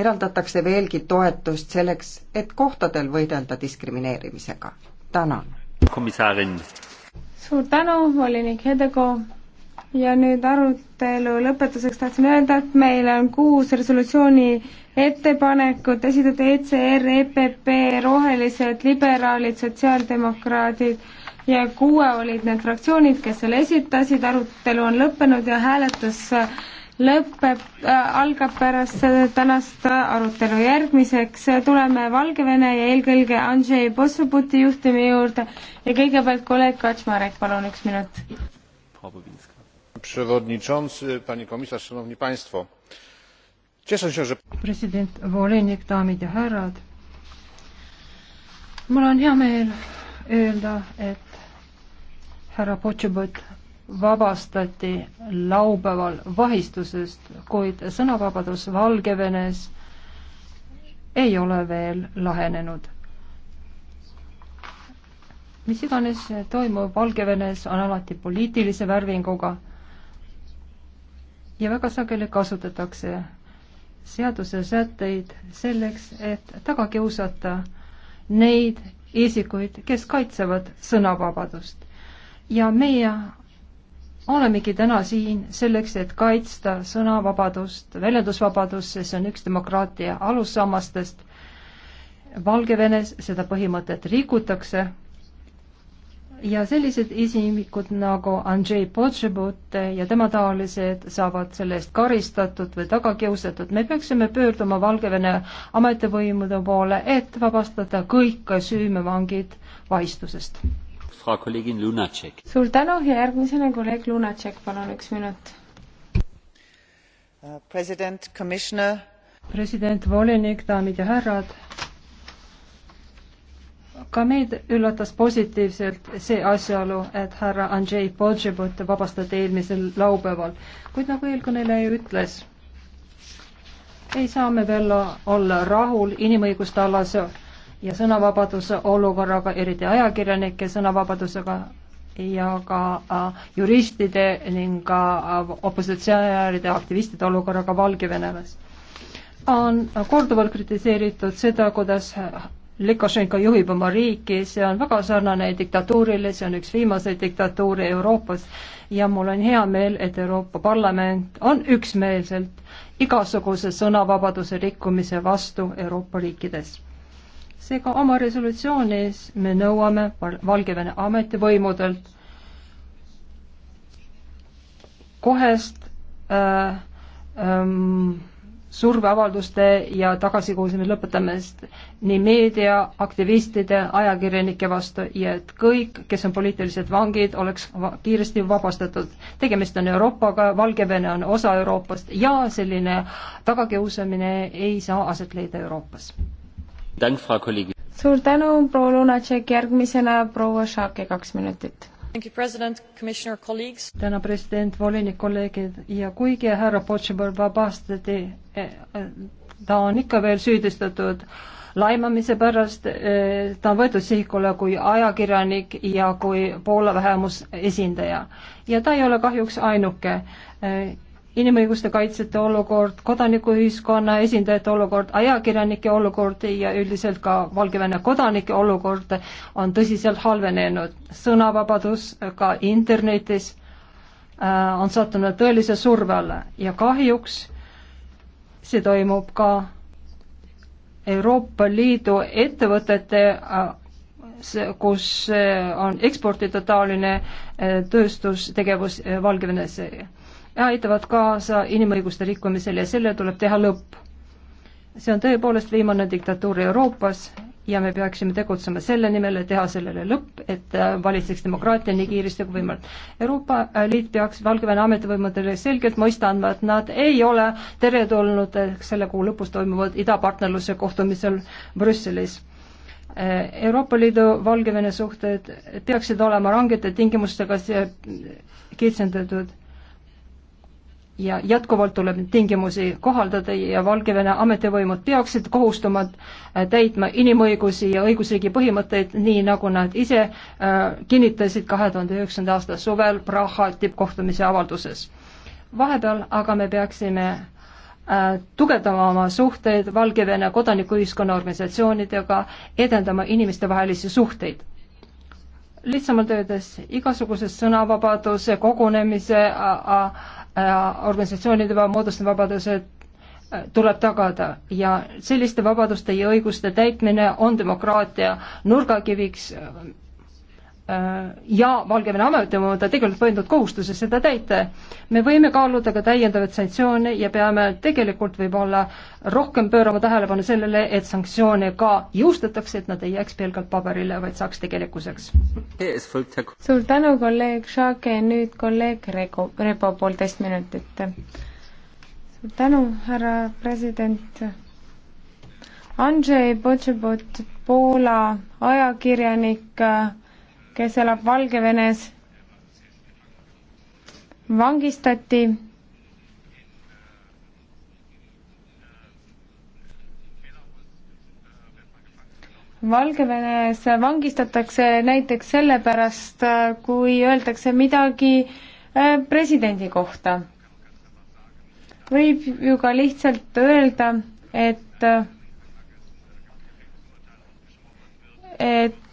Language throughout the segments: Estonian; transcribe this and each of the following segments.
eraldatakse veelgi toetust selleks, et kohtadel võidelda diskrimineerimisega. tänan. suur tänu, volinik Hedego ja nüüd arutelu lõpetuseks tahtsin öelda, et meil on kuus resolutsiooni ettepanekut, esitatud ECR, EPP, Rohelised, liberaalid, sotsiaaldemokraadid ja kuue olid need fraktsioonid, kes selle esitasid, arutelu on lõppenud ja hääletus lõpeb äh,, algab pärast tänast arutelu. järgmiseks tuleme Valgevene ja eelkõige Andžei Possuputi juhtumi juurde ja kõigepealt kolleeg Kaczmarek, palun üks minut. president, volinik, daamid ja härrad. mul on hea meel öelda, et härra Potšubõt vabastati laupäeval vahistusest, kuid sõnavabadus Valgevenes ei ole veel lahenenud. mis iganes toimub Valgevenes, on alati poliitilise värvinguga ja väga sageli kasutatakse seaduse sätteid selleks, et taga kiusata neid isikuid, kes kaitsevad sõnavabadust. ja meie olemegi täna siin selleks, et kaitsta sõnavabadust, väljendusvabadust, sest see on üks demokraatia alussammastest. Valgevenes seda põhimõtet rikutakse ja sellised isikud nagu Andrei Potšebut ja tema taolised saavad selle eest karistatud või taga kiusatud. me peaksime pöörduma Valgevene ametivõimude poole, et vabastada kõik süümevangid vahistusest suur tänu ja järgmisena kolleeg Lunacek, palun üks minut. Uh, president, president, volinik, daamid ja härrad. ka meid üllatas positiivselt see asjaolu, et härra Andrei Podžebut vabastati eelmisel laupäeval, kuid nagu eelkõneleja ütles, ei saa me veel olla rahul inimõiguste alase ja sõnavabaduse olukorraga, eriti ajakirjanike sõnavabadusega ja ka äh, juristide ning ka äh, opositsionääride aktivistide olukorraga Valgevenelas. on korduvalt kritiseeritud seda, kuidas Lukašenko juhib oma riiki, see on väga sarnane diktatuurile, see on üks viimaseid diktatuure Euroopas ja mul on hea meel, et Euroopa Parlament on üksmeelselt igasuguse sõnavabaduse rikkumise vastu Euroopa riikides seega oma resolutsioonis me nõuame Valgevene ametivõimudelt kohest äh, ähm, surveavalduste ja tagasikuulsime lõpetamist nii meedia, aktivistide, ajakirjanike vastu ja et kõik, kes on poliitilised vangid, oleks va kiiresti vabastatud. tegemist on Euroopaga, Valgevene on osa Euroopast ja selline tagakiusamine ei saa aset leida Euroopas suur tänu, proua Lunatšek, järgmisena proua Šake, kaks minutit. täna president, volinik, kolleegid ja kuigi härra Potšibor vabastati, eh, eh, ta on ikka veel süüdistatud laimamise pärast, eh, ta on võetud sihikule kui ajakirjanik ja kui Poola vähemusesindaja. ja ta ei ole kahjuks ainuke inimõiguste kaitsjate olukord, kodanikuühiskonna esindajate olukord, ajakirjanike olukord ja üldiselt ka Valgevene kodanike olukord on tõsiselt halvenenud. sõnavabadus ka internetis äh, on sattunud tõelise surve alla ja kahjuks see toimub ka Euroopa Liidu ettevõtete äh, kus äh, on eksportida taoline tööstustegevus Valgevenesse aitavad kaasa inimõiguste rikkumisele ja sellele tuleb teha lõpp. see on tõepoolest viimane diktatuur Euroopas ja me peaksime tegutsema selle nimel, et teha sellele lõpp, et valitseks demokraatia nii kiiresti kui võimalik. Euroopa Liit peaks Valgevene ametivõimudele selgelt mõista andma, et nad ei ole teretulnud selle kuu lõpus toimuval idapartnerluse kohtumisel Brüsselis Euroopa Liidu Valgevene suhted peaksid olema rangete tingimustega kitsendatud ja jätkuvalt tuleb tingimusi kohaldada ja Valgevene ametivõimud peaksid kohustuma äh, täitma inimõigusi ja õigusriigi põhimõtteid, nii nagu nad ise äh, kinnitasid kahe tuhande üheksanda aasta suvel Praha tippkohtumise avalduses. vahepeal aga me peaksime äh, tugevdama oma suhteid Valgevene kodanikuühiskonna organisatsioonidega, edendama inimestevahelisi suhteid lihtsamalt öeldes igasuguse sõnavabaduse, kogunemise, Äh, organisatsioonide moodustatud vabadused äh, tuleb tagada ja selliste vabaduste ja õiguste täitmine on demokraatia nurgakiviks, äh, Äh, ja Valgevene ametivõimud on tegelikult võetud kohustuse seda täita. me võime kaaluda ka täiendavaid sanktsioone ja peame tegelikult võib-olla rohkem pöörama tähelepanu sellele, et sanktsioone ka jõustatakse, et nad ei jääks pelgalt paberile, vaid saaks tegelikkuseks. suur tänu, kolleeg Šake, nüüd kolleeg Rego, Rebo poolteist minutit. suur tänu, härra president. Andrzej Potšebot, Poola ajakirjanik kes elab Valgevenes, vangistati Valgevenes vangistatakse näiteks sellepärast, kui öeldakse midagi äh, presidendi kohta. võib ju ka lihtsalt öelda, et äh,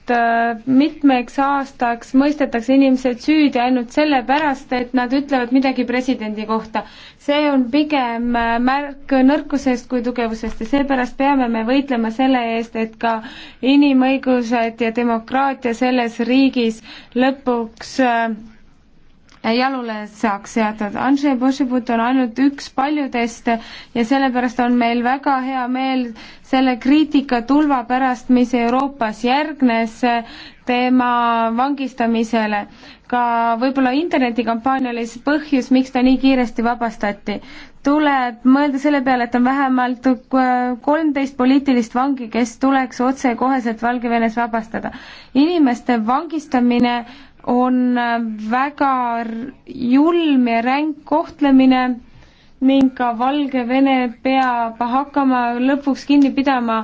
Äh, mitmeks aastaks mõistetakse inimesed süüdi ainult sellepärast, et nad ütlevad midagi presidendi kohta. see on pigem äh, märk nõrkusest kui tugevusest ja seepärast peame me võitlema selle eest, et ka inimõigused ja demokraatia selles riigis lõpuks äh, jalule saaks seatud. Andrzej Bošibut on ainult üks paljudest ja sellepärast on meil väga hea meel selle kriitikatulva pärast, mis Euroopas järgnes tema vangistamisele. ka võib-olla internetikampaania oli see põhjus, miks ta nii kiiresti vabastati. tuleb mõelda selle peale, et on vähemalt kolmteist poliitilist vangi, kes tuleks otsekoheselt Valgevenes vabastada. inimeste vangistamine on väga julm ja ränk kohtlemine ning ka Valgevene peab hakkama lõpuks kinni pidama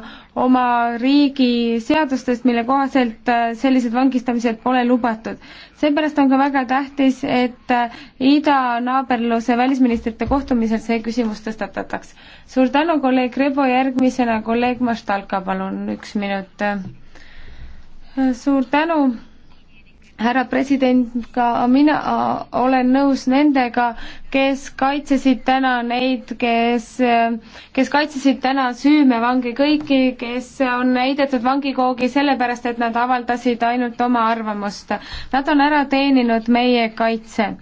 oma riigi seadustest, mille kohaselt äh, sellised vangistamised pole lubatud. seepärast on ka väga tähtis, et äh, idanaaberluse välisministrite kohtumisel see küsimus tõstatataks. suur tänu, kolleeg Rebo, järgmisena kolleeg Maštalka, palun üks minut. Äh, suur tänu härra president, ka mina olen nõus nendega, kes kaitsesid täna neid, kes, kes kaitsesid täna süümevange, kõiki, kes on heidetud vangikoogi sellepärast, et nad avaldasid ainult oma arvamust. Nad on ära teeninud meie kaitse.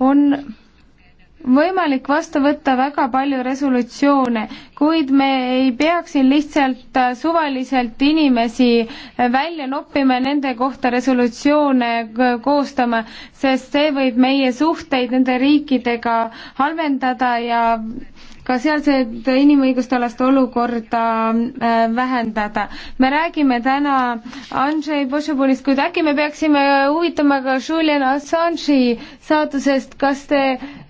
on võimalik vastu võtta väga palju resolutsioone, kuid me ei peaks siin lihtsalt äh, suvaliselt inimesi äh, välja noppima ja nende kohta resolutsioone äh, koostama, sest see võib meie suhteid nende riikidega halvendada ja ka sealset inimõiguste alast olukorda äh, vähendada. me räägime täna Andrei Bošovulist, kuid äkki me peaksime huvitama ka Julian Assange'i saatusest, kas te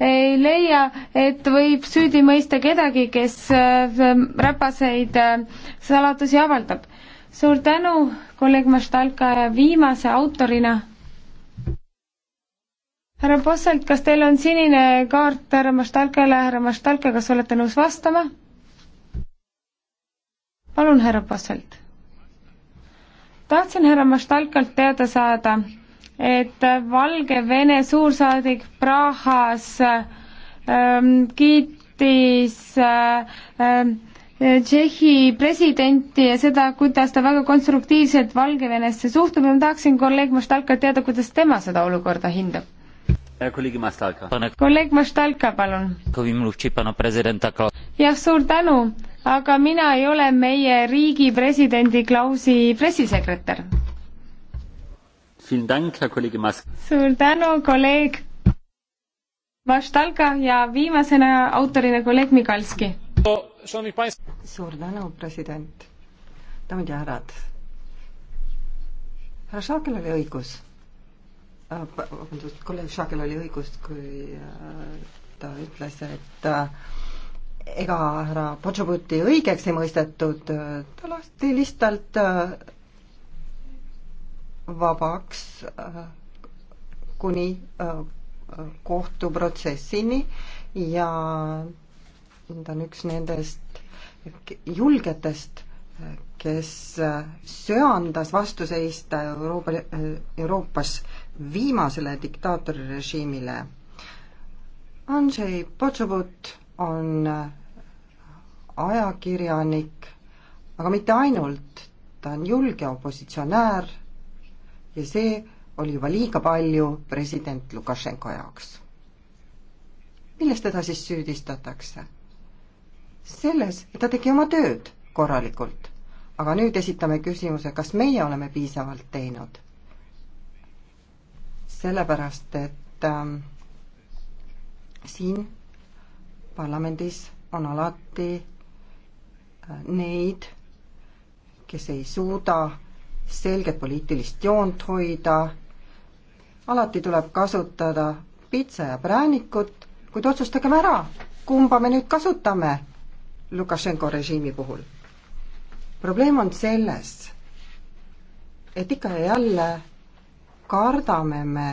ei leia, et võib süüdi mõista kedagi, kes äh, räpaseid äh, saladusi avaldab? suur tänu, kolleeg Maštalka, viimase autorina härra Posselt, kas teil on sinine kaart härra Maštalkale, härra Maštalke, kas olete nõus vastama? palun, härra Posselt. tahtsin härra Maštalkalt teada saada, et Valgevene suursaadik Prahas ähm, kiitis äh, äh, Tšehhi presidenti ja seda, kuidas ta väga konstruktiivselt Valgevenesse suhtub ja ma tahaksin kolleeg Maštalkalt teada, kuidas tema seda olukorda hindab kolleeg Mastalka, palun. jah, suur tänu, aga mina ei ole meie riigi presidendi Klausi pressisekretär. suur tänu, kolleeg Mastalka ja viimasena autorina kolleeg Mikalski. suur tänu, president. daamid ja härrad. härra Šakel oli õigus Äh, vabandust, kolleeg Šakel oli õigus, kui äh, ta ütles, et äh, ega härra Potšobuti õigeks ei mõistetud, ta lasti lihtsalt vabaks kuni kohtuprotsessini ja ta on üks nendest julgetest, kes söandas vastu seista Euroopa, Euroopas viimasele diktaatorirežiimile. Andžei Potšovut on ajakirjanik, aga mitte ainult, ta on julge opositsionäär ja see oli juba liiga palju president Lukašenko jaoks. milles teda siis süüdistatakse? selles, et ta tegi oma tööd korralikult. aga nüüd esitame küsimuse, kas meie oleme piisavalt teinud sellepärast et ähm, siin parlamendis on alati äh, neid, kes ei suuda selget poliitilist joont hoida, alati tuleb kasutada pitsa ja präänikut, kuid otsustagem ära, kumba me nüüd kasutame Lukašenko režiimi puhul. probleem on selles, et ikka ja jälle kardame me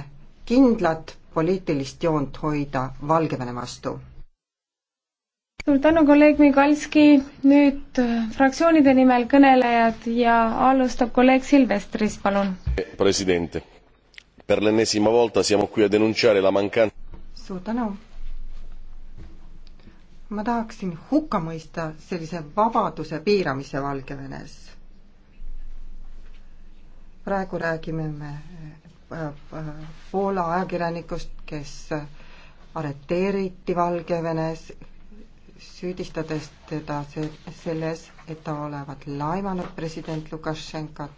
kindlat poliitilist joont hoida Valgevene vastu. suur tänu, kolleeg Migalski, nüüd äh, fraktsioonide nimel kõnelejad ja alustab kolleeg Silvestris, palun. president, per l'ennesima volta siamo qui a denunciare la mancanza suur tänu ma tahaksin hukka mõista sellise vabaduse piiramise Valgevenes praegu räägime me äh, äh, Poola ajakirjanikust, kes arreteeriti Valgevenes, süüdistades teda selles, et ta olevat laimanud president Lukašenkat.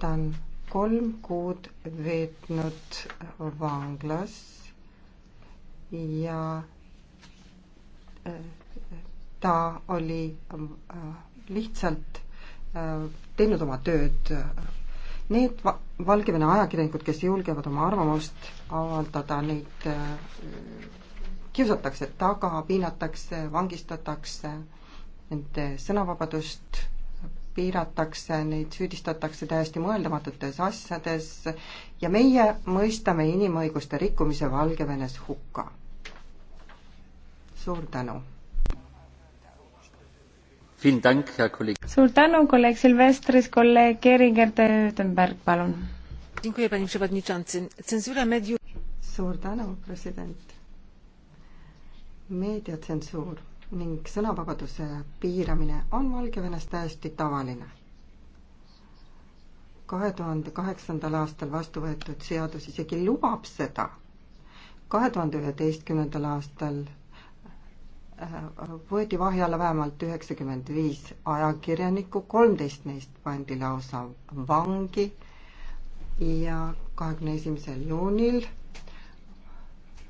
ta on kolm kuud veetnud vanglas ja äh, ta oli lihtsalt Äh, teinud oma tööd. Need va-, Valgevene ajakirjanikud, kes julgevad oma arvamust avaldada, neid äh, kiusatakse taga, piinatakse, vangistatakse, nende sõnavabadust piiratakse, neid süüdistatakse täiesti mõeldamatutes asjades ja meie mõistame inimõiguste rikkumise Valgevenes hukka. suur tänu! suur tänu, kolleeg Silvestris, kolleeg Geringer de Ödenberg, palun. suur tänu, president. meediatsensuur ning sõnavabaduse piiramine on Valgevenes täiesti tavaline. kahe tuhande kaheksandal aastal vastu võetud seadus isegi lubab seda. kahe tuhande üheteistkümnendal aastal võeti vahi alla vähemalt üheksakümmend viis ajakirjanikku, kolmteist neist pandi lausa vangi ja kahekümne esimesel juunil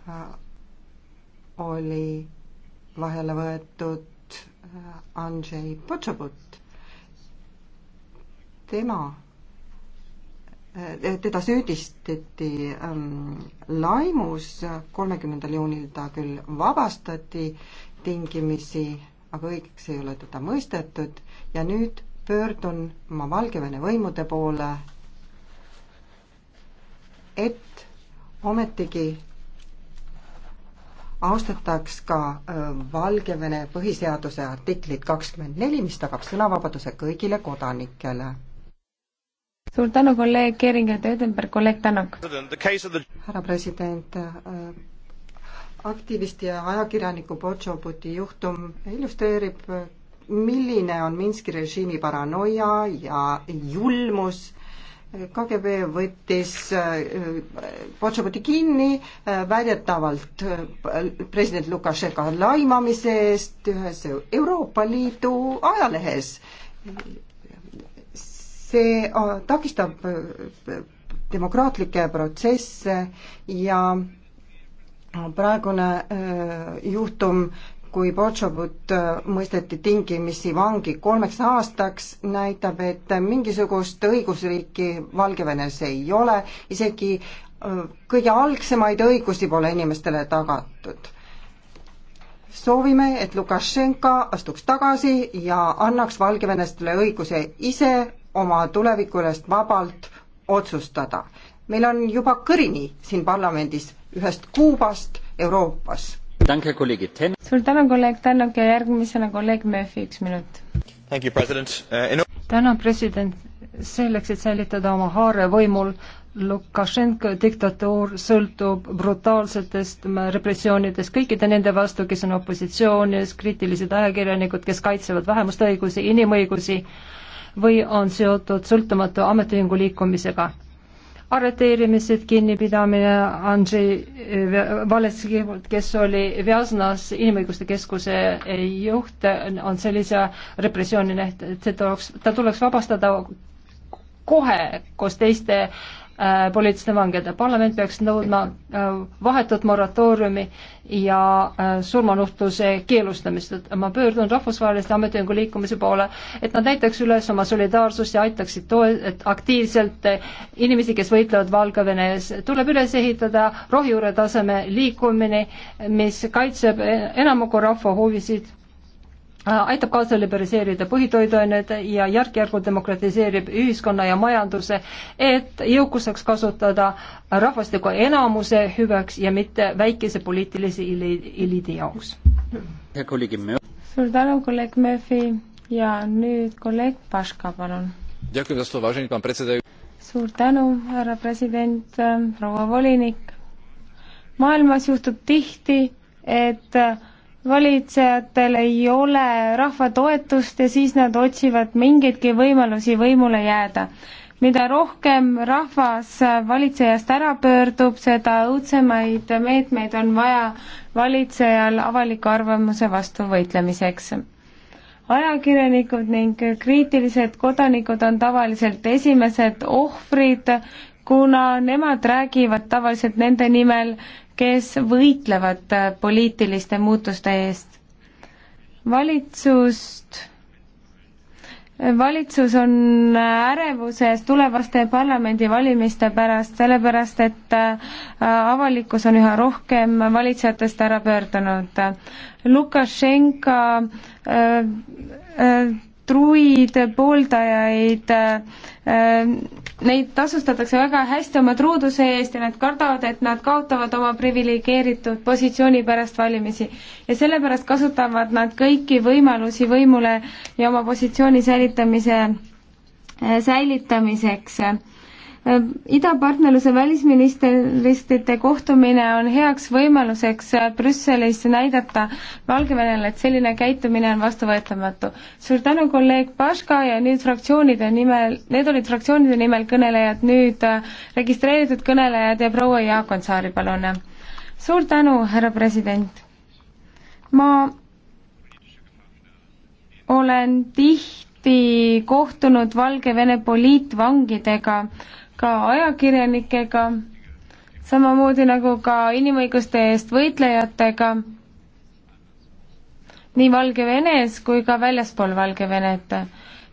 äh, oli vahi alla võetud äh, Andrzej Potšabut. tema, äh, teda süüdistati ähm, laimus, kolmekümnendal juunil ta küll vabastati tingimusi, aga õigeks ei ole teda mõistetud ja nüüd pöördun ma Valgevene võimude poole, et ometigi austataks ka äh, Valgevene põhiseaduse artiklit kakskümmend neli, mis tagab sõnavabaduse kõigile kodanikele. suur tänu, kolleeg Keringer, Tödenberg, kolleeg Tänak. härra president, äh, aktivisti ja ajakirjaniku Potšoputi juhtum illustreerib, milline on Minski režiimi paranoia ja julmus. KGB võttis Potšoputi äh, kinni äh, väidetavalt äh, president Lukašenka laimamise eest ühes Euroopa Liidu ajalehes. see takistab demokraatlikke protsesse ja praegune äh, juhtum, kui Potšobut äh, mõisteti tingimisi vangi kolmeks aastaks, näitab, et mingisugust õigusriiki Valgevenes ei ole, isegi äh, kõige algsemaid õigusi pole inimestele tagatud. soovime, et Lukašenka astuks tagasi ja annaks valgevenestele õiguse ise oma tuleviku üle vabalt otsustada. meil on juba kõrini siin parlamendis ühest Kuubast Euroopas. suur tänu, kolleeg Tänak ja järgmisena kolleeg Murphy, üks minut. Uh, tänan, president. selleks, et säilitada oma haare võimul, Lukašenko diktatuur sõltub brutaalsetest repressioonidest kõikide nende vastu, kes on opositsioonis, kriitilised ajakirjanikud, kes kaitsevad vähemuste õigusi, inimõigusi või on seotud sõltumatu ametiühingu liikumisega arreteerimised, kinnipidamine Andrei Valeskivult, kes oli Vjasnas Inimõiguste Keskuse juht, on sellise repressiooni näht-, et see tuleks, ta tuleks vabastada kohe koos teiste Äh, poliitiliste vangide. parlament peaks nõudma äh, vahetut moratooriumi ja äh, surmanuhtluse keelustamist. ma pöördun rahvusvaheliste ametiühingu liikumise poole, et nad näitaks üles oma solidaarsust ja aitaksid toe-, aktiivselt inimesi, kes võitlevad Valgevene ees. tuleb üles ehitada rohjuure taseme liikumine, mis kaitseb enamiku rahva huvisid Äh, aitab kaasa liberaliseerida põhitoiduained ja järk-järgult demokratiseerib ühiskonna ja majanduse, et jõukus saaks kasutada rahvastiku enamuse hüveks ja mitte väikese poliitilise eliidi jaoks. suur tänu, kolleeg Murphy ja nüüd kolleeg Paška, palun. suur tänu, härra president, proua volinik. maailmas juhtub tihti, et valitsejatel ei ole rahva toetust ja siis nad otsivad mingeidki võimalusi võimule jääda. mida rohkem rahvas valitsejast ära pöördub, seda õudsemaid meetmeid on vaja valitsejal avaliku arvamuse vastu võitlemiseks. ajakirjanikud ning kriitilised kodanikud on tavaliselt esimesed ohvrid, kuna nemad räägivad tavaliselt nende nimel, kes võitlevad äh, poliitiliste muutuste eest. valitsust, äh, valitsus on äh, ärevuses tulevaste parlamendivalimiste pärast, sellepärast et avalikkus on üha rohkem valitsejatest ära pöördunud. Lukašenka äh, äh, truid, pooldajaid, äh, neid tasustatakse väga hästi oma truuduse eest ja nad kardavad, et nad kaotavad oma priviligeeritud positsiooni pärast valimisi. ja sellepärast kasutavad nad kõiki võimalusi võimule ja oma positsiooni säilitamise, äh, säilitamiseks Äh, idapartnerluse välisministrite kohtumine on heaks võimaluseks äh, Brüsselis näidata Valgevenele, et selline käitumine on vastuvõetamatu. suur tänu, kolleeg Paška ja nüüd fraktsioonide nimel, need olid fraktsioonide nimel kõnelejad, nüüd äh, registreeritud kõnelejad ja proua Jaakonsaari, palun. suur tänu, härra president. ma olen tihti kohtunud Valgevene poliitvangidega, ka ajakirjanikega, samamoodi nagu ka inimõiguste eest võitlejatega nii Valgevenes kui ka väljaspool Valgevenet.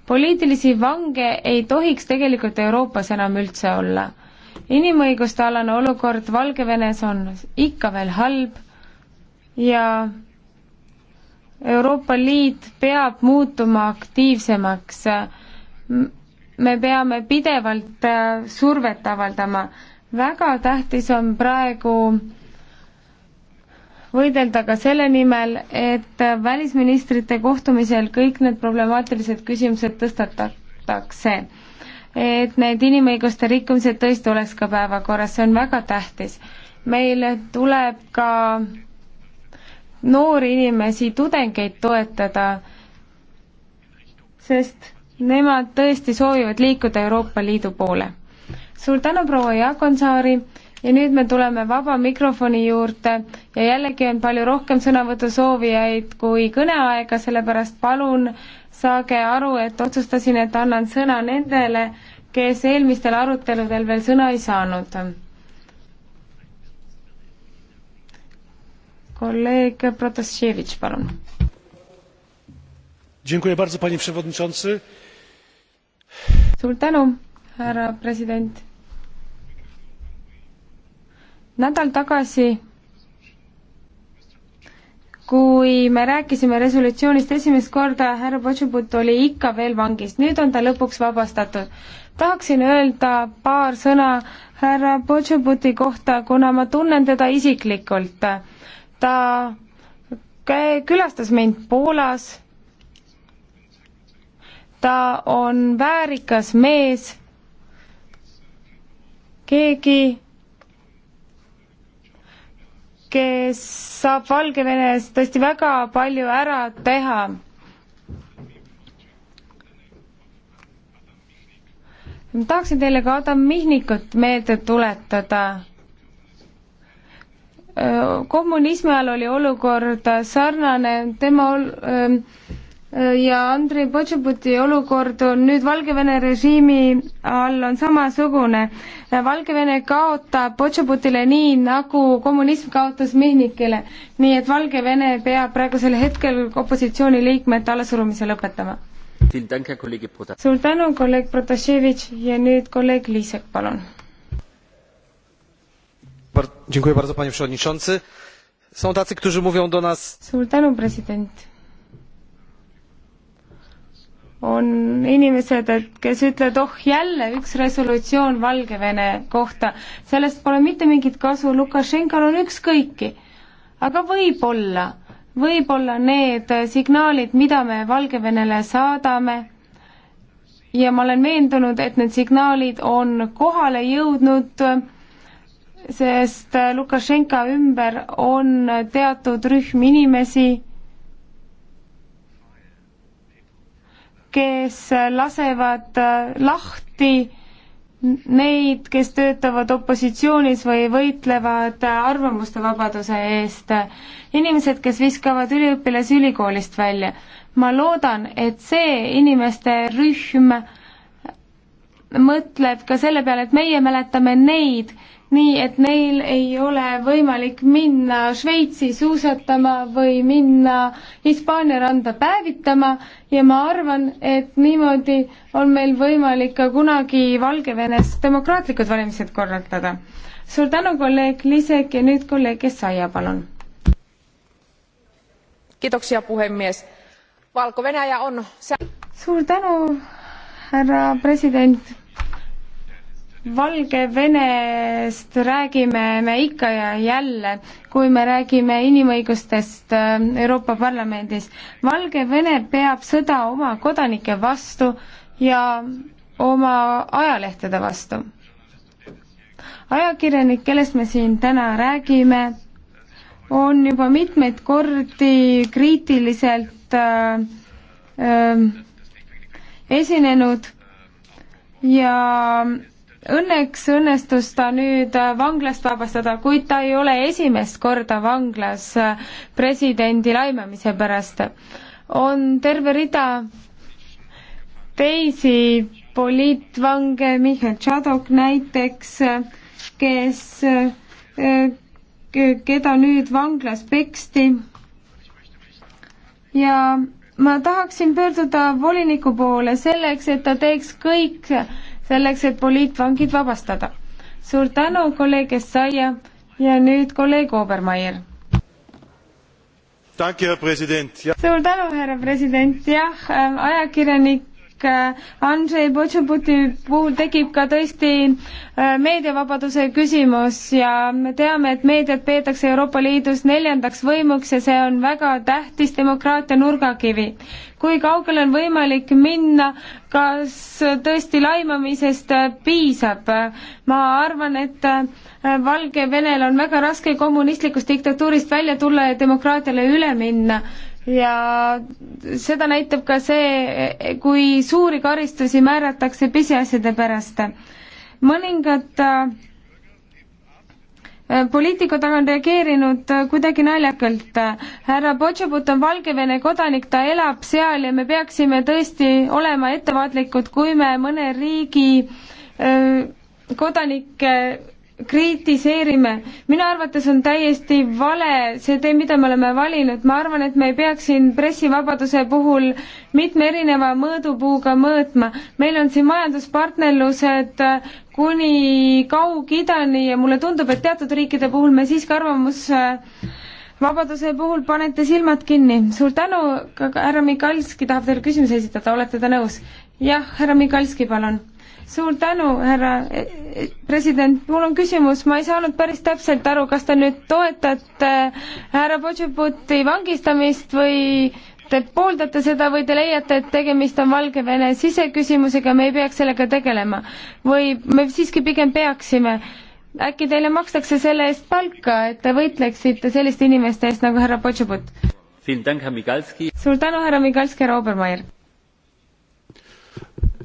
poliitilisi vange ei tohiks tegelikult Euroopas enam üldse olla. inimõiguste alane olukord Valgevenes on ikka veel halb ja Euroopa Liit peab muutuma aktiivsemaks me peame pidevalt äh, survet avaldama. väga tähtis on praegu võidelda ka selle nimel, et äh, välisministrite kohtumisel kõik need problemaatilised küsimused tõstatatakse. et need inimõiguste rikkumised tõesti oleks ka päevakorras, see on väga tähtis. meil tuleb ka noori inimesi, tudengeid toetada, sest nemad tõesti soovivad liikuda Euroopa Liidu poole. suur tänu, proua Jaakonsaari ja nüüd me tuleme vaba mikrofoni juurde ja jällegi on palju rohkem sõnavõtusoovijaid kui kõneaega, sellepärast palun saage aru, et otsustasin, et annan sõna nendele, kes eelmistel aruteludel veel sõna ei saanud. kolleeg Protasevitš, palun. Dziękuję bardzo, panie przewodniczący suur tänu, härra president. nädal tagasi kui me rääkisime resolutsioonist esimest korda, härra Potšuput oli ikka veel vangis, nüüd on ta lõpuks vabastatud. tahaksin öelda paar sõna härra Potšuputi kohta, kuna ma tunnen teda isiklikult. ta külastas mind Poolas ta on väärikas mees, keegi, kes saab Valgevenes tõesti väga palju ära teha. ma tahaksin teile ka Adam Mihnikut meelde tuletada kommunismi ajal oli olukord sarnane, tema ol-, ja Andrei Potšaputi olukord on nüüd Valgevene režiimi all on samasugune. Valgevene kaotab Potšaputile nii, nagu kommunism kaotas Mihnikile. nii et Valgevene peab praegusel hetkel opositsiooniliikmete allasurumise lõpetama. suur tänu, kolleeg Protasevitš ja nüüd kolleeg Liisek, palun. Dziękuję bardzo panie przewodniczący. Są tacy, którzy mówią do nas Suur tänu, president on inimesed, et kes ütlevad, oh jälle üks resolutsioon Valgevene kohta, sellest pole mitte mingit kasu, Lukašenkal on ükskõiki. aga võib-olla, võib-olla need signaalid, mida me Valgevenele saadame, ja ma olen veendunud, et need signaalid on kohale jõudnud, sest Lukašenka ümber on teatud rühm inimesi, kes lasevad äh, lahti neid, kes töötavad opositsioonis või võitlevad äh, arvamuste vabaduse eest, inimesed, kes viskavad üliõpilasi ülikoolist välja. ma loodan, et see inimeste rühm mõtleb ka selle peale, et meie mäletame neid, nii et neil ei ole võimalik minna Šveitsi suusatama või minna Hispaania randa päevitama ja ma arvan, et niimoodi on meil võimalik ka kunagi Valgevenes demokraatlikud valimised korraldada. suur tänu, kolleeg Lisek ja nüüd kolleeg Essaia, palun. kiitoksia, puhemees. Valko-Venäjä on suur tänu, härra president Valgevenest räägime me ikka ja jälle, kui me räägime inimõigustest äh, Euroopa Parlamendis. Valgevene peab sõda oma kodanike vastu ja oma ajalehtede vastu. ajakirjanik, kellest me siin täna räägime, on juba mitmeid kordi kriitiliselt äh, äh, esinenud ja äh, Õnneks õnnestus ta nüüd vanglast vabastada, kuid ta ei ole esimest korda vanglas presidendi laimamise pärast. on terve rida teisi poliitvange, Mihhail Tšadok näiteks, kes, eh, keda nüüd vanglas peksti. ja ma tahaksin pöörduda voliniku poole selleks, et ta teeks kõik selleks, et poliitvangid vabastada. suur tänu, kolleeg Essaia ja nüüd kolleeg Obermeier. suur tänu, härra president, jah, äh, ajakirjanik Äh, Andrei Butšuputi puhul tekib ka tõesti äh, meediavabaduse küsimus ja me teame, et meediat peetakse Euroopa Liidus neljandaks võimuks ja see on väga tähtis demokraatia nurgakivi. kui kaugele on võimalik minna, kas tõesti laimamisest äh, piisab? ma arvan, et Valgevenel on väga raske kommunistlikust diktatuurist välja tulla ja demokraatiale üle minna ja seda näitab ka see, kui suuri karistusi määratakse pisiasjade pärast. mõningad äh, poliitikud aga on reageerinud kuidagi naljakalt. härra Potšaput on Valgevene kodanik, ta elab seal ja me peaksime tõesti olema ettevaatlikud, kui me mõne riigi äh, kodanikke kritiseerime. minu arvates on täiesti vale see tee, mida me oleme valinud. ma arvan, et me ei peaks siin pressivabaduse puhul mitme erineva mõõdupuuga mõõtma. meil on siin majanduspartnerlused kuni Kaug-Idani ja mulle tundub, et teatud riikide puhul me siiski arvamus äh, vabaduse puhul panete silmad kinni. suur tänu, härra Mikalski tahab teile küsimuse esitada, olete te nõus? jah, härra Mikalski, palun suur tänu, härra eh, eh, president, mul on küsimus, ma ei saanud päris täpselt aru, kas te nüüd toetate eh, härra Potšeputi vangistamist või te pooldate seda või te leiate, et tegemist on Valgevene siseküsimusega, me ei peaks sellega tegelema? või me siiski pigem peaksime? äkki teile makstakse selle eest palka, et te võitleksite selliste inimeste eest nagu härra Potšeput? suur tänu, härra Migalski ja Obermeier!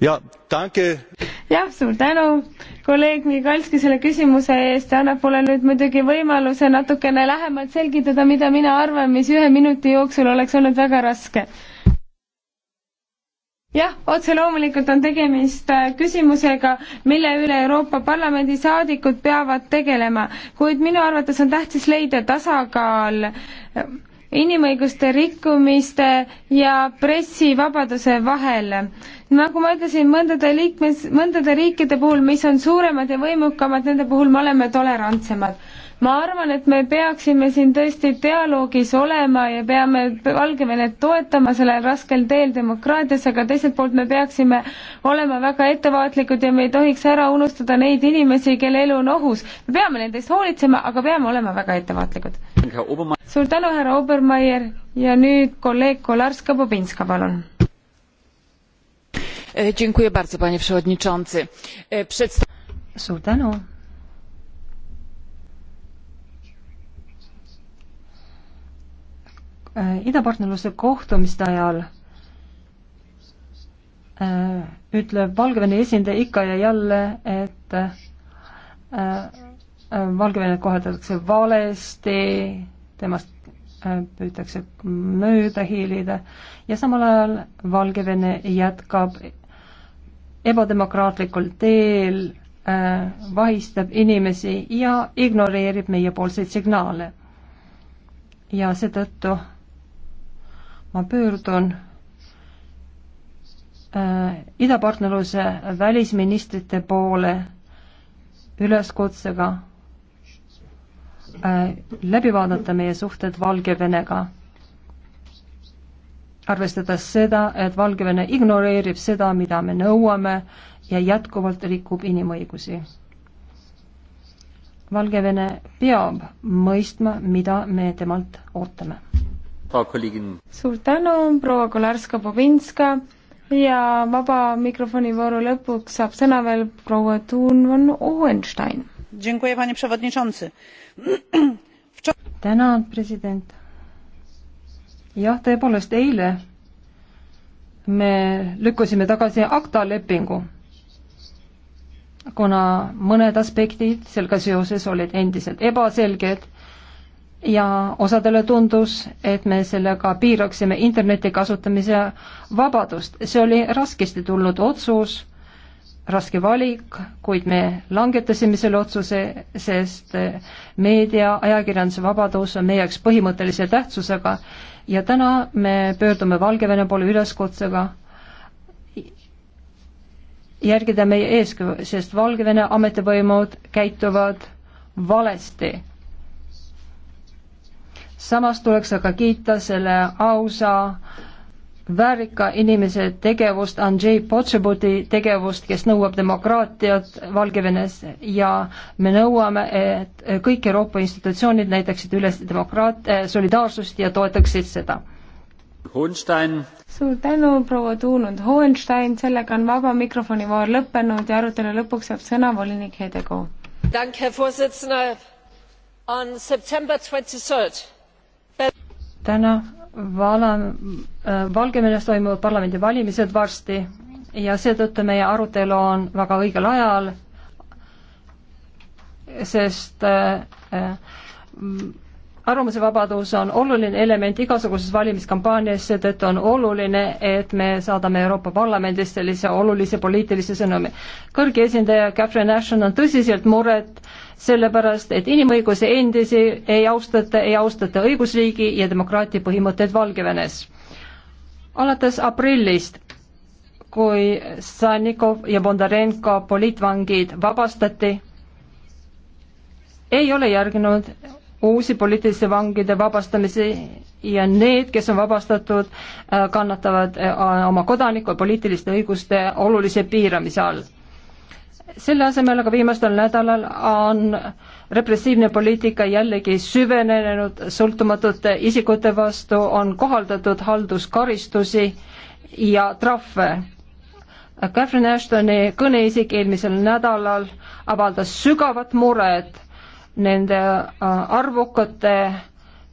ja danke. jah, suur tänu kolleeg Migalski selle küsimuse eest ja annab mulle nüüd muidugi võimaluse natukene lähemalt selgitada, mida mina arvan, mis ühe minuti jooksul oleks olnud väga raske. jah, otse loomulikult on tegemist äh, küsimusega, mille üle Euroopa Parlamendi saadikud peavad tegelema, kuid minu arvates on tähtis leida tasakaal inimõiguste rikkumiste ja pressivabaduse vahel. nagu ma ütlesin, mõndade liikmes, mõndade riikide puhul, mis on suuremad ja võimukamad, nende puhul me oleme tolerantsemad. ma arvan, et me peaksime siin tõesti dialoogis olema ja peame Valgevenet toetama sellel raskel teel demokraatias, aga teiselt poolt me peaksime olema väga ettevaatlikud ja me ei tohiks ära unustada neid inimesi, kelle elu on ohus. me peame nende eest hoolitsema, aga peame olema väga ettevaatlikud suur tänu, härra Obermeier ja nüüd kolleeg Kolarska-Bobinska, palun. E, e, suur tänu. E, idapartnerluse kohtumiste ajal ütleb Valgevene esindaja ikka ja jälle, et Valgevenet koheldakse valesti, temast äh, püütakse mööda hiilida ja samal ajal Valgevene jätkab ebademokraatlikul teel, äh, vahistab inimesi ja ignoreerib meiepoolseid signaale. ja seetõttu ma pöördun äh, idapartnerluse välisministrite poole üleskutsega Äh, läbi vaadata meie suhted Valgevenega. arvestades seda, et Valgevene ignoreerib seda, mida me nõuame ja jätkuvalt rikub inimõigusi. Valgevene peab mõistma, mida me temalt ootame. suur tänu, proua Kolarska-Bobinska ja vaba mikrofoni vooru lõpuks saab sõna veel proua Thun von Owenstein tänan, president. jah, tõepoolest eile me lükkasime tagasi ACTA lepingu, kuna mõned aspektid sellega seoses olid endiselt ebaselged ja osadele tundus, et me sellega piiraksime interneti kasutamise vabadust. see oli raskesti tulnud otsus raske valik, kuid me langetasime selle otsuse, sest meedia, ajakirjandusvabadus on meie jaoks põhimõttelise tähtsusega ja täna me pöördume Valgevene poole üleskutsega järgida meie eeskuju, sest Valgevene ametivõimud käituvad valesti. samas tuleks aga kiita selle ausa äh, väärika inimese tegevust, Andrei Potšebuti tegevust, kes nõuab demokraatiat Valgevenes ja me nõuame, et kõik Euroopa institutsioonid näitaksid üles demokraat-, eh, solidaarsust ja toetaksid seda. suur tänu, proua Tuunund Hohenstein, sellega on vaba mikrofoni voor lõppenud ja arutelu lõpuks saab sõna volinik Hedego. tänan, härra president, on september kakskümmend kolm täna vala, äh, Valgevenes toimuvad parlamendivalimised varsti ja seetõttu meie arutelu on väga õigel ajal, sest äh, äh arvamusevabadus on oluline element igasuguses valimiskampaanias, seetõttu on oluline, et me saadame Euroopa Parlamendist sellise olulise poliitilise sõnumi. kõrge esindaja Catherine Ashton on tõsiselt muret sellepärast, et inimõigusi endisi ei austata, ei austata õigusriigi ja demokraatia põhimõtteid Valgevenes. alates aprillist kui Sannikov ja Bondarenko poliitvangid vabastati, ei ole järgnenud uusi poliitiliste vangide vabastamisi ja need, kes on vabastatud, äh, kannatavad äh, oma kodaniku poliitiliste õiguste olulise piiramise all. selle asemel aga viimastel nädalal on repressiivne poliitika jällegi süvenenud, sõltumatute isikute vastu on kohaldatud halduskaristusi ja trahve Catherine Ashtoni kõneisik eelmisel nädalal avaldas sügavat muret nende äh, arvukate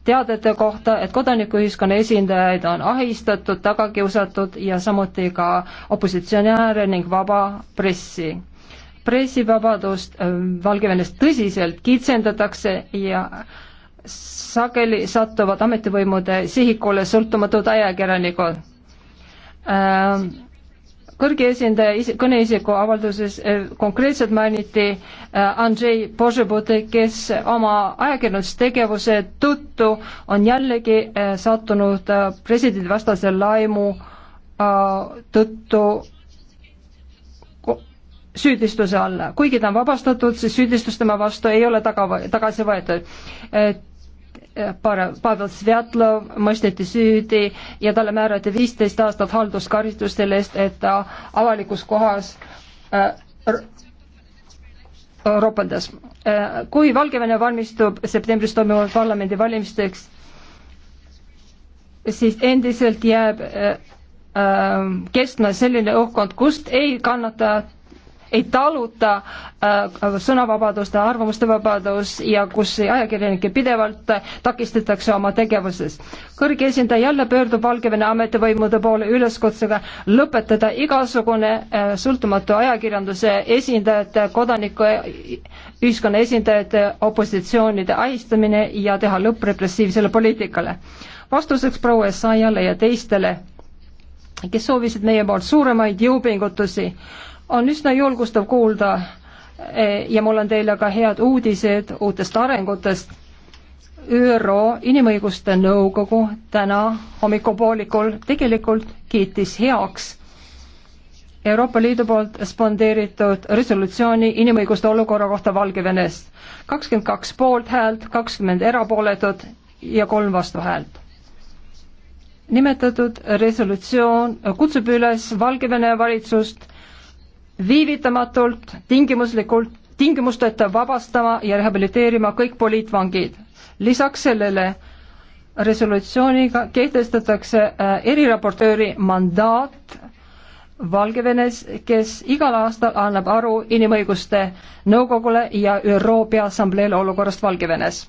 teadete kohta, et kodanikuühiskonna esindajaid on ahistatud, taga kiusatud ja samuti ka opositsionääre ning vaba pressi. pressivabadust äh, Valgevenes tõsiselt kitsendatakse ja sageli satuvad ametivõimude sihikule sõltumatud ajakirjanikud ähm, kõrge esindaja kõneisiku avalduses eh, konkreetselt mainiti eh, Andrei Požebuti, kes oma ajakirjandustegevuse tõttu on jällegi eh, sattunud presidendivastase laimu tõttu süüdistuse alla. kuigi ta on vabastatud, siis süüdistus tema vastu ei ole taga, tagasi võetud Pavel Svetlov mõisteti süüdi ja talle määrati viisteist aastat halduskaristust selle eest, et ta avalikus kohas äh, ropeldas. Äh, kui Valgevene valmistub septembris toimuva parlamendivalimisteks, siis endiselt jääb äh, kestma selline õhkkond, kust ei kannata ei taluta äh, sõnavabadust ja arvamuste vabadust ja kus ajakirjanikke pidevalt takistatakse oma tegevuses. kõrge esindaja jälle pöördub Valgevene ametivõimude poole üleskutsega lõpetada igasugune äh, sõltumatu ajakirjanduse esindajate, kodaniku, ühiskonna esindajate, opositsioonide ahistamine ja teha lõpp repressiivsele poliitikale. vastuseks proua Essayale ja teistele, kes soovisid meie poolt suuremaid jõupingutusi äh, on üsna julgustav kuulda e, ja mul on teile ka head uudised uutest arengutest. ÜRO Inimõiguste Nõukogu täna hommikupoolikul tegelikult kiitis heaks Euroopa Liidu poolt spondeeritud resolutsiooni inimõiguste olukorra kohta Valgevenes. kakskümmend kaks poolthäält, kakskümmend erapooletut ja kolm vastuhäält. nimetatud resolutsioon kutsub üles Valgevene valitsust viivitamatult, tingimuslikult, tingimusteta vabastama ja rehabiliteerima kõik poliitvangid. lisaks sellele resolutsiooniga kehtestatakse äh, eriraportööri mandaat Valgevenes, kes igal aastal annab aru Inimõiguste Nõukogule ja ÜRO Peaassambleele olukorrast Valgevenes.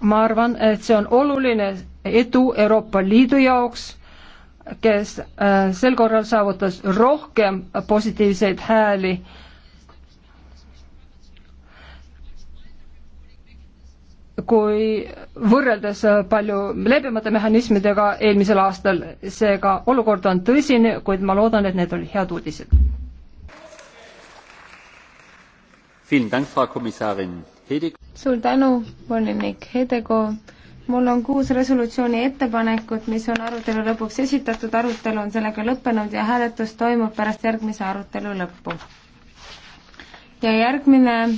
ma arvan, et see on oluline edu Euroopa Liidu jaoks kes äh, sel korral saavutas rohkem positiivseid hääli kui võrreldes palju leebemate mehhanismidega eelmisel aastal. seega olukord on tõsine, kuid ma loodan, et need olid head uudised. suur tänu, volinik Hedego mul on kuus resolutsiooni ettepanekut, mis on arutelu lõpuks esitatud, arutelu on sellega lõppenud ja hääletus toimub pärast järgmise arutelu lõppu. ja järgmine